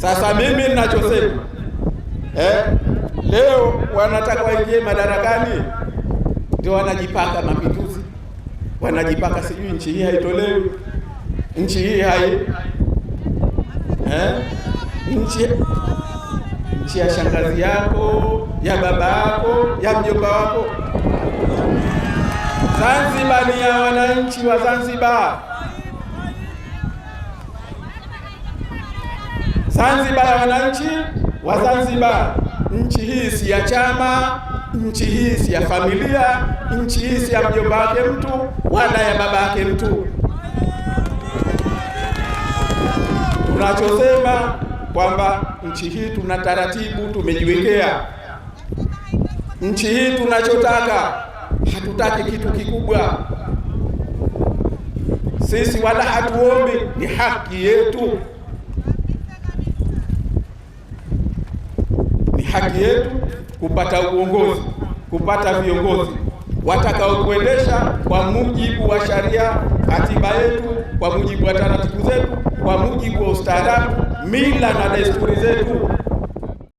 Sasa mimi ninachosema eh, eh, leo wanataka waingie madarakani, ndio wanajipaka mapinduzi, wanajipaka sijui nchi hii haitolewi, nchi hii hai eh, nchi nchi ya shangazi yako ya baba yako ya mjomba wako. Zanzibar ni ya wananchi wa Zanzibar. Zanzibar ya wananchi wa Zanzibar. Nchi hii si ya chama, nchi hii si ya familia, nchi hii si ya mjomba wake mtu wala ya baba yake mtu. Tunachosema kwamba nchi hii tuna taratibu tumejiwekea. Nchi hii tunachotaka, hatutaki kitu kikubwa sisi, wala hatuombi, ni haki yetu. haki yetu kupata uongozi, kupata viongozi watakaokuendesha kwa mujibu wa sharia, katiba yetu, kwa mujibu wa taratibu zetu, kwa mujibu wa ustaarabu, mila na desturi zetu.